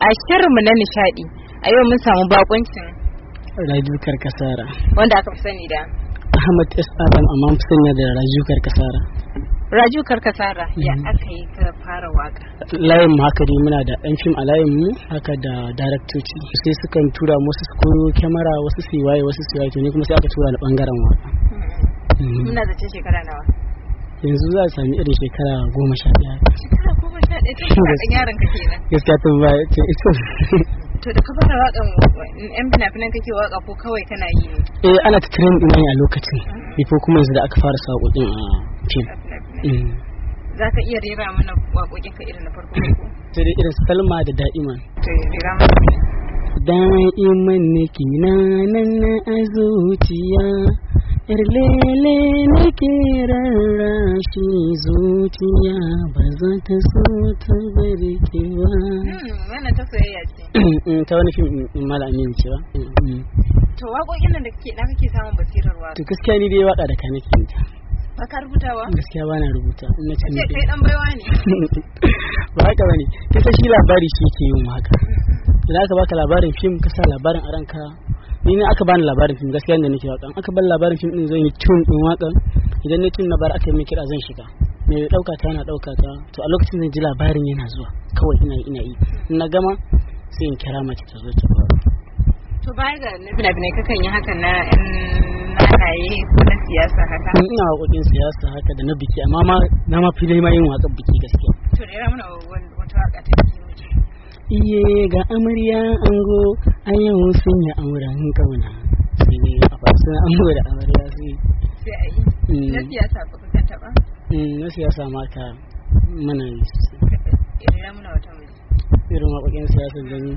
a shirinmu na nishadi a yau mun samu bakuncin Raju Karkasara wanda aka fi sani da Ahmad S. Adam amma fi sani da Raju Karkasara Raju Karkasara ya mhm. aka yi ka fara waka layin mu haka ne muna da ɗan fim a layin mu haka da daraktoci sai sukan tura wasu su koyo kyamara wasu su waye wasu su waye to kuma sai aka tura na bangaren waka muna mhm. mhm. zace shekara nawa yanzu za a sami irin shekara goma sha biyar shekara goma yaron ka kenan gaskiya tun ba ce to da yan kake waƙa ko kawai kana yi ne eh ana ta train din a lokacin mm-hmm. bifo kuma yanzu da aka fara saƙoƙin a fim mm. za ka iya rera mana waƙoƙin ka irin na farko ko dai irin salma da da'ima to rera mana da'iman na nan a zuciya Irlele nake rarrashi zuciya ba za ta so ta barke ba. Hmm, wannan ta soyayya ce. Mm, ta wani fim mm, malamin ce ba. Mm. To waƙoƙin nan da kake na kake samun basirar waƙa. To gaskiya ni dai waƙa da ka nake ta. Ba ka ba. Gaskiya ba na rubuta. Ina cikin. Ce kai dan baiwa ne. Ba haka bane. Kisa shi labari shi ke yin waka. Idan mm-hmm. aka baka labarin fim ka sa labarin a ranka ni ne aka bani labarin fim gaskiya da nake wakan aka bani labarin fim din zan yi tun din wakan idan ne tun na bar aka yi kira zan shiga me ya dauka ta na dauka ta to a lokacin zan ji labarin yana zuwa kawai ina ina yi na gama sai in kira mace ta zo ta ba to baya ga bina bina kakan yi hakan na na ko na siyasa haka mm, ina hakokin siyasa haka da na biki amma ma na ma fi ma yin wakan biki gaskiya to da ya mana wata waka ta biki iye ga amarya ango an yi wani sun yi amura auren kauna sai ne a fasin ango da amura ya sai yi mm. na siyasa ba ka taba mm, na siyasa mata mana yi irin muna wata mai irin waƙoƙin siyasa da ni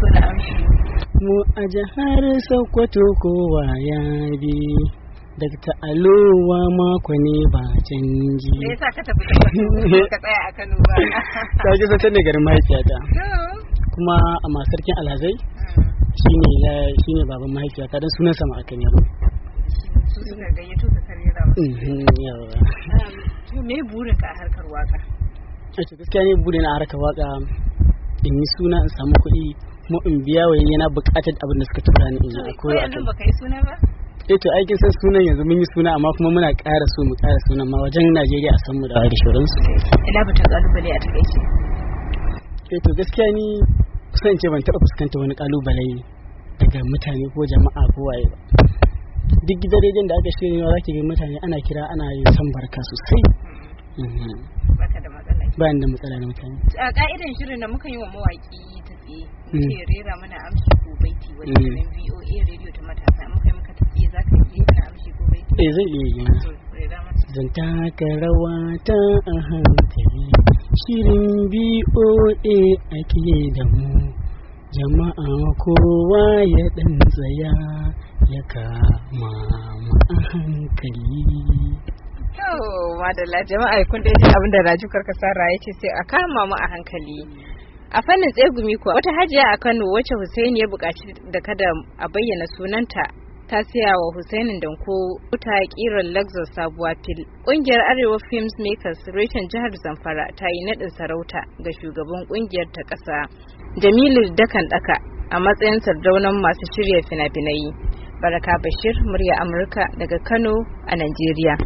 ko da amshi mu a jihar sokoto kowa ya bi Dakta Alowa mako ne ba canji. Me yasa ka tafi ka tsaya a Kano ba? Ta ji sai ne garin mahaifiyata. kuma a masarkin alhazai shi ne baban mahaifiyata don sunan sama a kanya ba me burin ka a harkar waka a ce gaskiya ne burin a harkar waka in yi suna in samu kuɗi kuma in biya wa yana buƙatar abin da suka tura ni in yi a koyo suna ba eh to aikin san sunan yanzu mun yi suna amma kuma muna ƙara so mu ƙara sunan ma wajen Najeriya a san mu da da shauransu ina batun kalubale a takaice E eh, to gaskiya ni kusan ce ban taɓa fuskanta wani kalubale daga mutane ko jama'a ko waye ba duk gidan rediyon da aka shirya za ki ga mutane ana kira ana yin san barka sosai mhm. bayan da matsala na mutane a ka'idan shirin da muka yi wa mawaƙi ta tsaye muke mhm. rera mana amshi ko baiti wani mhm. voa radio ta matasa muka yi muka tafiye za ka yi ka amshi ko baiti eh zai iya yi zan taka rawa ta a hankali shirin boa ake da mu jama'a kowa ya ɗan tsaya ya kama a hankali madalla jama'a kun dai abin da Raju Sara ya ce sai a kama mu a hankali. A fannin tsegumi kuwa wata hajiya a Kano wacce Hussein ya buƙaci da kada a bayyana sunanta ta siya wa Husainin Danko wuta kiran Lexus sabuwa fil. Kungiyar Arewa Films Makers reshen jihar Zamfara ta yi nadin sarauta ga shugaban kungiyar ta ƙasa Jamilu Dakan Daka a matsayin sardaunan masu shirya fina-finai. Baraka Bashir, murya Amurka daga Kano a Najeriya.